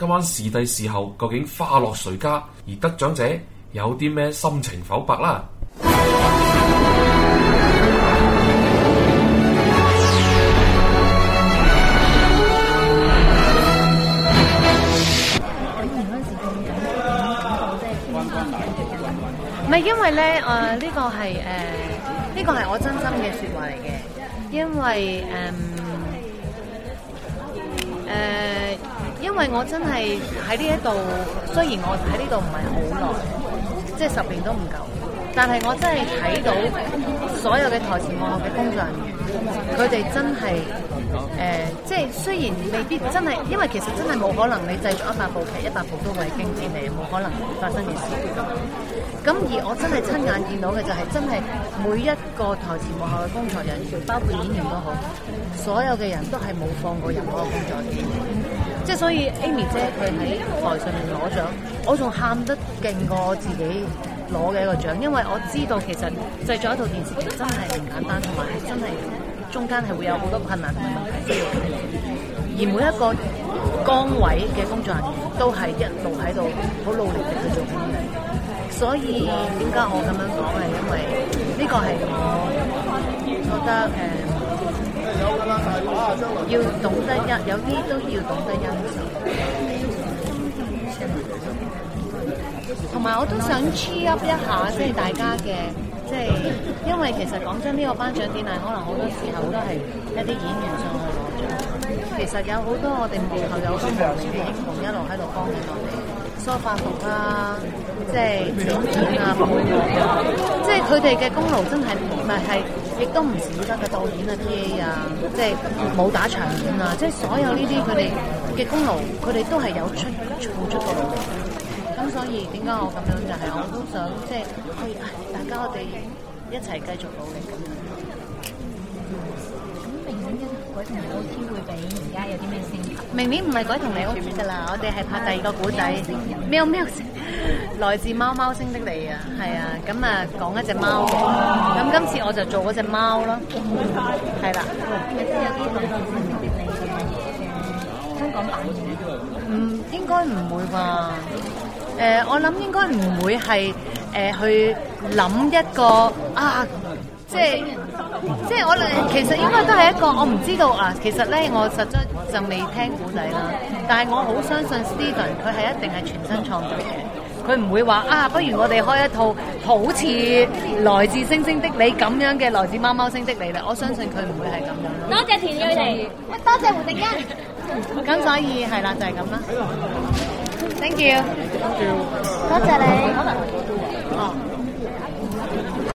今晚視帝視后究竟花落誰家？而得獎者有啲咩心情剖白啦、啊！唔係 因為咧，誒、呃，呢、這個係誒，呢、呃這個係我真心嘅說話嚟嘅，因為誒，誒、呃。呃因為我真係喺呢一度，雖然我喺呢度唔係好耐，即係十年都唔夠，但係我真係睇到所有嘅台前幕後嘅工作人員，佢哋真係誒，即係雖然未必真係，因為其實真係冇可能你製作一百部劇，一百部都為經典嚟，冇可能發生嘅事。咁而我真係親眼見到嘅就係真係每一個台前幕後嘅工作人員，包括演員都好，所有嘅人都係冇放過任何工作嘅。即係所以 Amy 姐佢喺台上面攞奬，我仲喊得勁過我自己攞嘅一個奬，因為我知道其實製作一套電視劇真係唔簡單，同埋係真係中間係會有好多困難同埋問題，需要解決。而每一個崗位嘅工作人員，都係一路喺度好努力地去做緊嘢。所以點解我咁樣講，係因為呢個係我覺得誒。呃要懂得欣，有啲、啊、都要懂得欣賞。同埋 我都想 cheer up 一下，即、就、係、是、大家嘅，即、就、係、是、因為其實講真，呢、這個頒獎典禮可能好多時候都係一啲演員上去攞獎。 其實有好多我哋幕後有好多無名嘅英雄一路喺度幫緊我哋，梳化服啦，即係剪片啊，即係佢哋嘅功勞真係唔係係。亦都唔少得嘅導演啊、T.A. 啊，即係武打場面啊，即係所有呢啲佢哋嘅功勞，佢哋都係有出做出過努力。咁所以點解我咁樣就係我都想即係可以大家我哋一齊繼續努力。咁明年嘅鬼同你 OT 會比而家有啲咩升級？明年唔係鬼同你 OT 噶啦，我哋係拍第二個古仔。喵喵。來自貓貓星的你啊，係、嗯、啊，咁啊講一隻貓，咁今次我就做嗰隻貓咯，係啦。香港版嘅，嗯，嗯應該唔會啩？誒、呃，我諗應該唔會係誒、呃、去諗一個啊，即係即係我哋其實應該都係一個，我唔知道啊。其實咧，我實在就未聽古仔啦，但係我好相信 Steven，佢係一定係全新創作嘅。佢唔會話啊，不如我哋開一套好似來自星星的你咁樣嘅來自貓貓星的你啦！我相信佢唔會係咁樣。多謝田蕊妮，多謝胡定欣。咁所以係啦，就係咁啦。Thank you。多謝你。